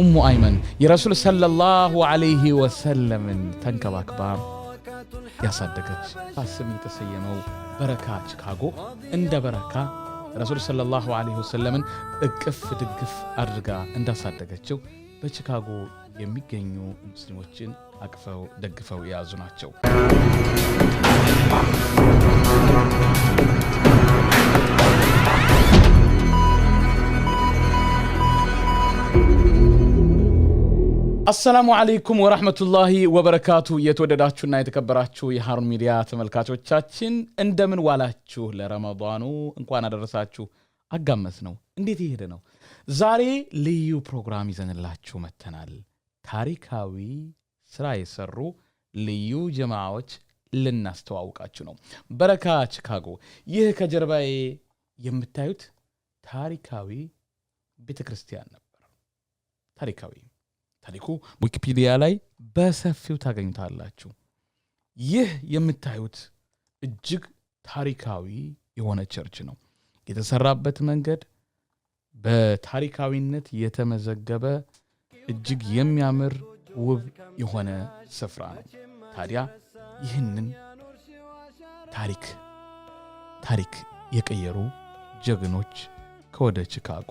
ኡሙ አይመን የረሱል ሰለላሁ ዓለይሂ ወሰለምን ተንከባክባ ያሳደገች ስም የተሰየመው በረካ ቺካጎ እንደ በረካ ረሱል ሰለላሁ ዓለይሂ ወሰለምን እቅፍ ድግፍ አድርጋ እንዳሳደገችው በቺካጎ የሚገኙ ሙስሊሞችን አቅፈው ደግፈው የያዙ ናቸው። አሰላሙ አለይኩም ወራህመቱላሂ ወበረካቱ። የተወደዳችሁና የተከበራችሁ የሃሩን ሚዲያ ተመልካቾቻችን እንደምን ዋላችሁ? ለረመዳኑ እንኳን አደረሳችሁ። አጋመስ ነው እንዴት የሄደ ነው? ዛሬ ልዩ ፕሮግራም ይዘንላችሁ መተናል። ታሪካዊ ስራ የሰሩ ልዩ ጀማዎች ልናስተዋውቃችሁ ነው። በረካ ቺካጎ። ይህ ከጀርባዬ የምታዩት ታሪካዊ ቤተ ክርስቲያን ነበር። ታሪካዊ ታሪኩ ዊኪፒዲያ ላይ በሰፊው ታገኙታላችሁ። ይህ የምታዩት እጅግ ታሪካዊ የሆነ ቸርች ነው። የተሰራበት መንገድ በታሪካዊነት የተመዘገበ እጅግ የሚያምር ውብ የሆነ ስፍራ ነው። ታዲያ ይህንን ታሪክ ታሪክ የቀየሩ ጀግኖች ከወደ ቺካጎ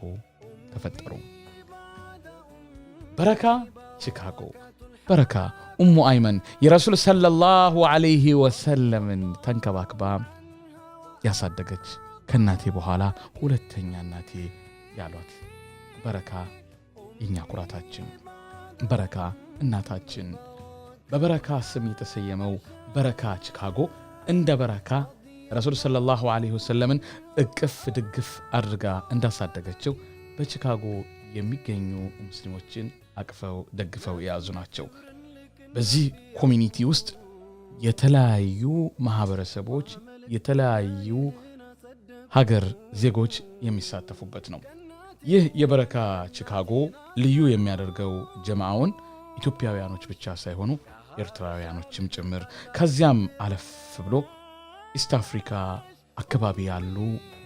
ተፈጠሩ። በረካ ቺካጎ በረካ ኡሙ አይመን የረሱል ሰለላሁ ዐለይሂ ወሰለምን ተንከባክባ ያሳደገች ከእናቴ በኋላ ሁለተኛ እናቴ ያሏት በረካ የእኛ ኩራታችን፣ በረካ እናታችን። በበረካ ስም የተሰየመው በረካ ቺካጎ እንደ በረካ ረሱል ሰለላሁ ዐለይሂ ወሰለምን እቅፍ ድግፍ አድርጋ እንዳሳደገችው በቺካጎ የሚገኙ ሙስሊሞችን አቅፈው ደግፈው የያዙ ናቸው። በዚህ ኮሚኒቲ ውስጥ የተለያዩ ማህበረሰቦች፣ የተለያዩ ሀገር ዜጎች የሚሳተፉበት ነው። ይህ የበረካ ቺካጎ ልዩ የሚያደርገው ጀማውን ኢትዮጵያውያኖች ብቻ ሳይሆኑ ኤርትራውያኖችም ጭምር ከዚያም አለፍ ብሎ ኢስት አፍሪካ አካባቢ ያሉ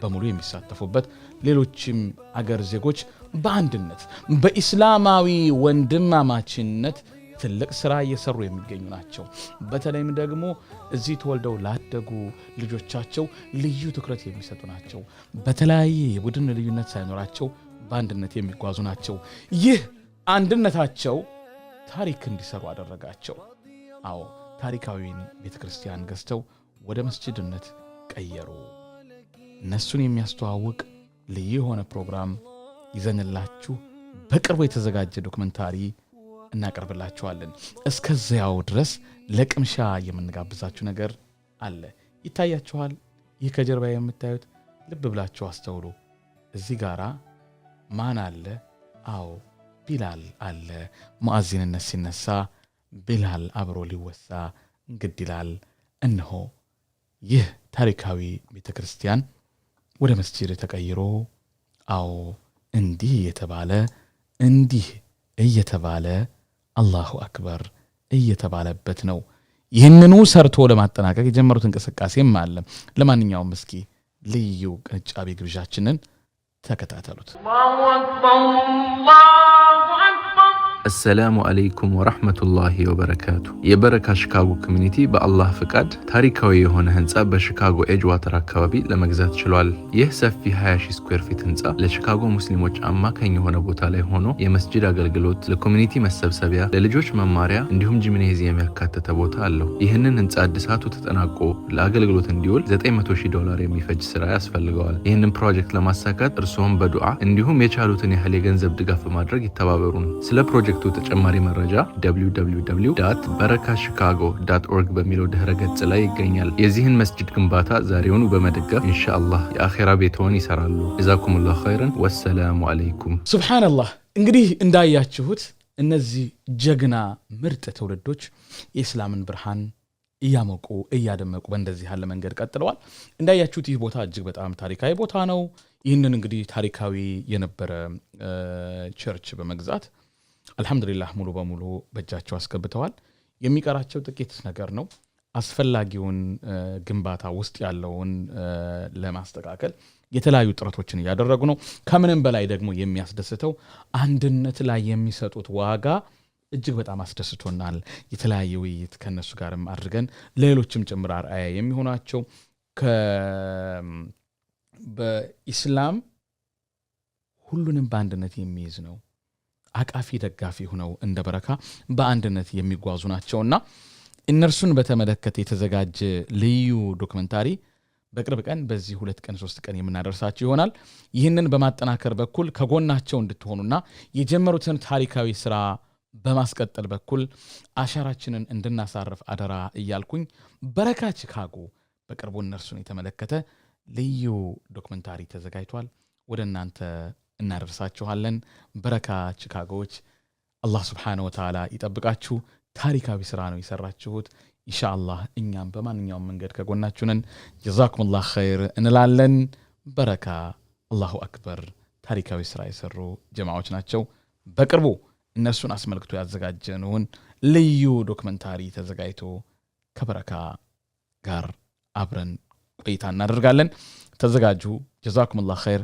በሙሉ የሚሳተፉበት ሌሎችም አገር ዜጎች በአንድነት በኢስላማዊ ወንድማማችነት ትልቅ ስራ እየሰሩ የሚገኙ ናቸው። በተለይም ደግሞ እዚህ ተወልደው ላደጉ ልጆቻቸው ልዩ ትኩረት የሚሰጡ ናቸው። በተለያየ የቡድን ልዩነት ሳይኖራቸው በአንድነት የሚጓዙ ናቸው። ይህ አንድነታቸው ታሪክ እንዲሰሩ አደረጋቸው። አዎ ታሪካዊን ቤተ ክርስቲያን ገዝተው ወደ መስጅድነት ቀየሩ። እነሱን የሚያስተዋውቅ ልዩ የሆነ ፕሮግራም ይዘንላችሁ በቅርቡ የተዘጋጀ ዶክመንታሪ እናቀርብላችኋለን። እስከዚያው ድረስ ለቅምሻ የምንጋብዛችሁ ነገር አለ። ይታያችኋል? ይህ ከጀርባ የምታዩት ልብ ብላችሁ አስተውሉ። እዚህ ጋራ ማን አለ? አዎ ቢላል አለ። ሙአዚንነት ሲነሳ ቢላል አብሮ ሊወሳ እንግድ ይላል። እነሆ ይህ ታሪካዊ ቤተ ክርስቲያን ወደ መስጅድ ተቀይሮ አዎ እንዲህ እየተባለ እንዲህ እየተባለ አላሁ አክበር እየተባለበት ነው። ይህንኑ ሰርቶ ለማጠናቀቅ የጀመሩት እንቅስቃሴም አለ። ለማንኛውም እስኪ ልዩ ቅንጫቤ ግብዣችንን ተከታተሉት። አሰላሙ አለይኩም ወራህመቱላሂ ወበረካቱ። የበረካ ሺካጎ ኮሚኒቲ በአላህ ፍቃድ ታሪካዊ የሆነ ህንፃ በሺካጎ ኤጅ ዋተር አካባቢ ለመግዛት ችሏል። ይህ ሰፊ 20ሺ ስኩዌር ፊት ህንፃ ለሺካጎ ሙስሊሞች አማካኝ የሆነ ቦታ ላይ ሆኖ የመስጅድ አገልግሎት፣ ለኮሚኒቲ መሰብሰቢያ፣ ለልጆች መማሪያ እንዲሁም ጂምኔዚየም ያካተተ ቦታ አለው። ይህንን ህንፃ አድሳቱ ተጠናቆ ለአገልግሎት እንዲውል 900 ዶላር የሚፈጅ ስራ ያስፈልገዋል። ይህንን ፕሮጀክት ለማሳካት እርስዎም በዱዓ እንዲሁም የቻሉትን ያህል የገንዘብ ድጋፍ በማድረግ ይተባበሩን። ስለ ፕሮጀክት ከፕሮጀክቱ ተጨማሪ መረጃ በረካ ሺካጎ ዳት ኦርግ በሚለው ድህረ ገጽ ላይ ይገኛል። የዚህን መስጅድ ግንባታ ዛሬውኑ በመደገፍ ኢንሻአላህ የአኼራ ቤትዎን ይሰራሉ። ጀዛኩሙላሁ ኸይረን። ወሰላሙ አለይኩም። ሱብሓነላህ። እንግዲህ እንዳያችሁት እነዚህ ጀግና ምርጥ ትውልዶች የእስላምን ብርሃን እያሞቁ እያደመቁ በእንደዚህ ያለ መንገድ ቀጥለዋል። እንዳያችሁት ይህ ቦታ እጅግ በጣም ታሪካዊ ቦታ ነው። ይህንን እንግዲህ ታሪካዊ የነበረ ቸርች በመግዛት አልሐምዱሊላህ ሙሉ በሙሉ በእጃቸው አስገብተዋል። የሚቀራቸው ጥቂት ነገር ነው። አስፈላጊውን ግንባታ ውስጥ ያለውን ለማስተካከል የተለያዩ ጥረቶችን እያደረጉ ነው። ከምንም በላይ ደግሞ የሚያስደስተው አንድነት ላይ የሚሰጡት ዋጋ እጅግ በጣም አስደስቶናል። የተለያየ ውይይት ከነሱ ጋርም አድርገን ሌሎችም ጭምር አርአያ የሚሆናቸው በኢስላም ሁሉንም በአንድነት የሚይዝ ነው። አቃፊ ደጋፊ ሆነው እንደ በረካ በአንድነት የሚጓዙ ናቸውና እነርሱን በተመለከተ የተዘጋጀ ልዩ ዶክመንታሪ በቅርብ ቀን በዚህ ሁለት ቀን ሶስት ቀን የምናደርሳቸው ይሆናል። ይህንን በማጠናከር በኩል ከጎናቸው እንድትሆኑና የጀመሩትን ታሪካዊ ስራ በማስቀጠል በኩል አሻራችንን እንድናሳርፍ አደራ እያልኩኝ በረካ ቺካጎ በቅርቡ እነርሱን የተመለከተ ልዩ ዶክመንታሪ ተዘጋጅቷል። ወደ እናንተ እናደርሳችኋለን። በረካ ቺካጎዎች፣ አላህ ስብሓን ወተላ ይጠብቃችሁ። ታሪካዊ ስራ ነው የሰራችሁት። ኢንሻአላህ እኛም በማንኛውም መንገድ ከጎናችሁንን ጀዛኩም ላ ኸይር እንላለን። በረካ አላሁ አክበር ታሪካዊ ስራ የሰሩ ጀማዎች ናቸው። በቅርቡ እነሱን አስመልክቶ ያዘጋጀንውን ልዩ ዶክመንታሪ ተዘጋጅቶ ከበረካ ጋር አብረን ቆይታ እናደርጋለን። ተዘጋጁ። ጀዛኩም ላ ኸይር።